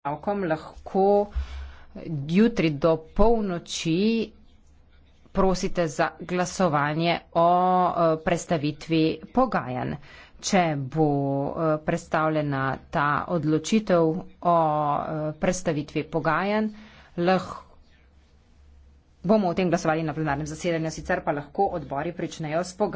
stavkom lahko jutri do polnoči prosite za glasovanje o e, predstavitvi pogajanj. Če bo e, predstavljena ta odločitev o e, predstavitvi pogajanj, lahko bomo o tem glasovali na plenarnem zasedanju, sicer pa lahko odbori pričnejo s pogajanjem.